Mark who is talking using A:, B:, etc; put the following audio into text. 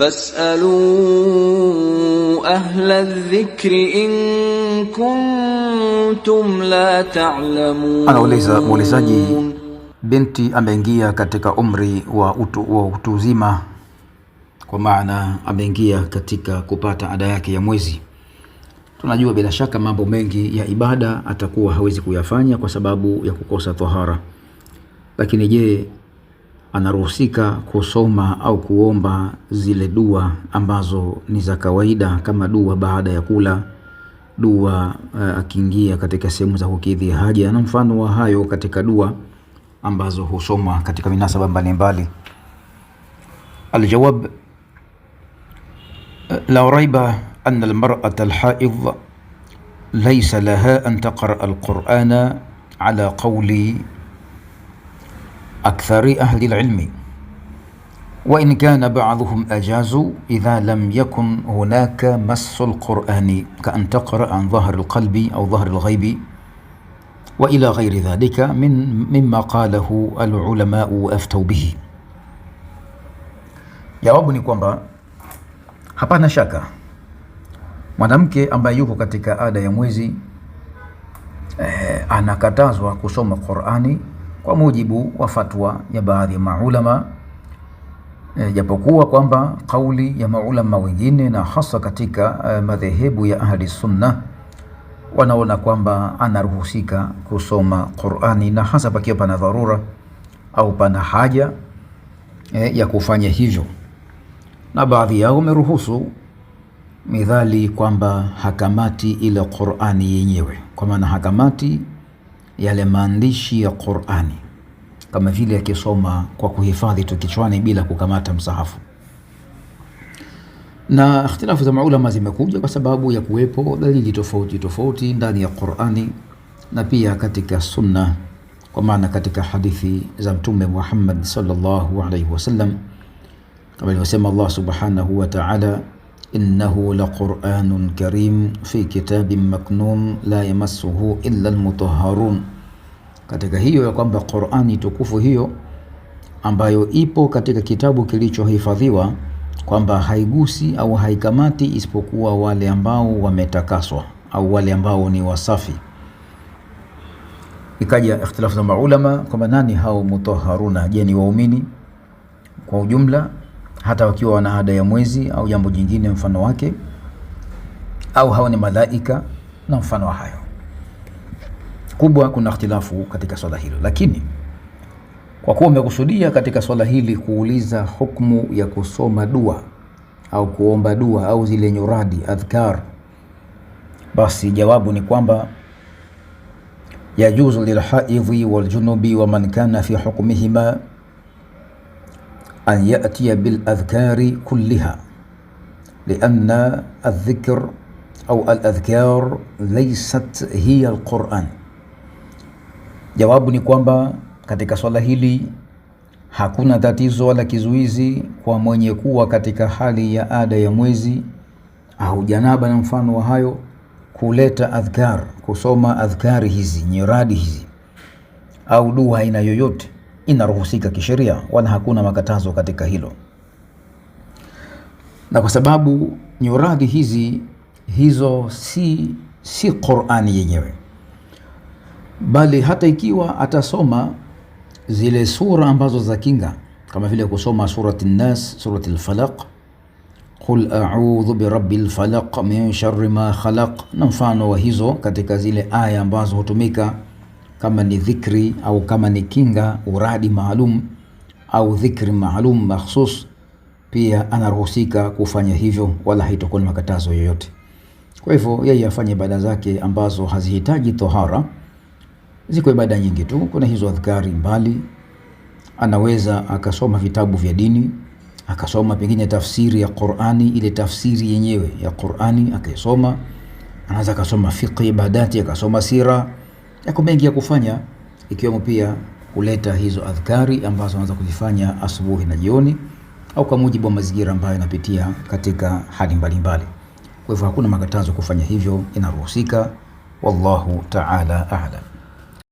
A: fasalu ahla dhikri in kuntum la ta'lamun.
B: Anauliza muulizaji, binti ameingia katika umri wa utu, wa utu uzima, kwa maana ameingia katika kupata ada yake ya mwezi. Tunajua bila shaka mambo mengi ya ibada atakuwa hawezi kuyafanya kwa sababu ya kukosa tahara, lakini je anaruhusika kusoma au kuomba zile dua ambazo ni za kawaida kama dua baada ya kula, dua uh, akiingia katika sehemu za kukidhi haja na mfano wa hayo katika dua ambazo husomwa katika minasaba mbalimbali. Aljawab, eh, la raiba anna almarat alhaid laysa laha an taqra alqur'ana ala qawli أكثر أهل العلم وإن كان بعضهم أجازوا إذا لم يكن هناك مس القرآن كأن تقرأ عن ظهر القلب أو ظهر الغيب وإلى غير ذلك من مما قاله العلماء واftau به Jawabu ni kwamba hapana shaka mwanamke ambaye yuko katika ada ya mwezi eh, anakatazwa kusoma kwa mujibu wa fatwa ya baadhi ya maulama e, japokuwa kwamba kauli ya maulama wengine na hasa katika e, madhehebu ya ahli sunna wanaona kwamba anaruhusika kusoma Qur'ani na hasa pakiwa pana dharura au pana haja e, ya kufanya hivyo, na baadhi yao wameruhusu midhali kwamba hakamati ile Qur'ani yenyewe, kwa maana hakamati yale maandishi ya Qur'ani, kama vile akisoma kwa kuhifadhi tu kichwani bila kukamata msahafu. Na ikhtilafu za maulama zimekuja kwa sababu ya kuwepo dalili tofauti tofauti ndani ya Qur'ani na pia katika sunna, kwa maana katika hadithi za Mtume Muhammad sallallahu alaihi wasallam kama alivyosema Allah subhanahu wa ta'ala, innahu la Qur'anun karim fi kitabin maknun la yamassuhu illa almutahharun katika hiyo ya kwamba Qur'ani tukufu hiyo ambayo ipo katika kitabu kilichohifadhiwa kwamba haigusi au haikamati isipokuwa wale ambao wametakaswa au wale ambao ni wasafi. Ikaja ikhtilafu za maulama kwamba nani hao mutahharuna? Je, ni waumini kwa ujumla hata wakiwa wana ada ya mwezi au jambo jingine mfano wake, au hao ni malaika na mfano wa hayo. kubwa kuna ikhtilafu katika swala hilo, lakini kwa kuwa umekusudia katika swala hili kuuliza hukumu ya kusoma dua au kuomba dua au zile nyuradi adhkar, basi jawabu ni kwamba yajuzu lilhaidhi waljunubi wa man kana fi hukmihima an yatiya biladhkari kulliha lianna aldhikr au aladhkar laysat hiya alquran Jawabu ni kwamba katika swala hili hakuna tatizo wala kizuizi kwa mwenye kuwa katika hali ya ada ya mwezi au janaba na mfano wa hayo, kuleta adhkar, kusoma adhkari hizi nyiradi hizi au dua aina yoyote, inaruhusika kisheria, wala hakuna makatazo katika hilo. Na kwa sababu nyiradi hizi hizo si, si Qur'ani yenyewe bali hata ikiwa atasoma zile sura ambazo za kinga kama vile kusoma surati Nas, surati Al-Falaq, qul a'udhu birabbil falaq min sharri ma khalaq, na mfano wa hizo katika zile aya ambazo hutumika kama ni dhikri au kama ni kinga, uradi maalum au dhikri maalum makhsus, pia anaruhusika kufanya hivyo, wala haitakuwa na makatazo yoyote. Kwa hivyo yeye afanye ibada zake ambazo hazihitaji tohara Ziko ibada nyingi tu, kuna hizo adhkari mbali. Anaweza akasoma vitabu vya dini, akasoma pengine tafsiri ya Qur'ani, ile tafsiri yenyewe ya Qur'ani akaisoma. Anaweza akasoma fiqh, ibadati, akasoma sira. Yako mengi ya kufanya, ikiwemo pia kuleta hizo adhkari ambazo anaweza kuzifanya asubuhi na jioni, au kwa mujibu wa mazingira ambayo anapitia katika hali mbalimbali. Kwa hivyo hakuna makatazo kufanya hivyo, inaruhusika. Wallahu ta'ala a'lam.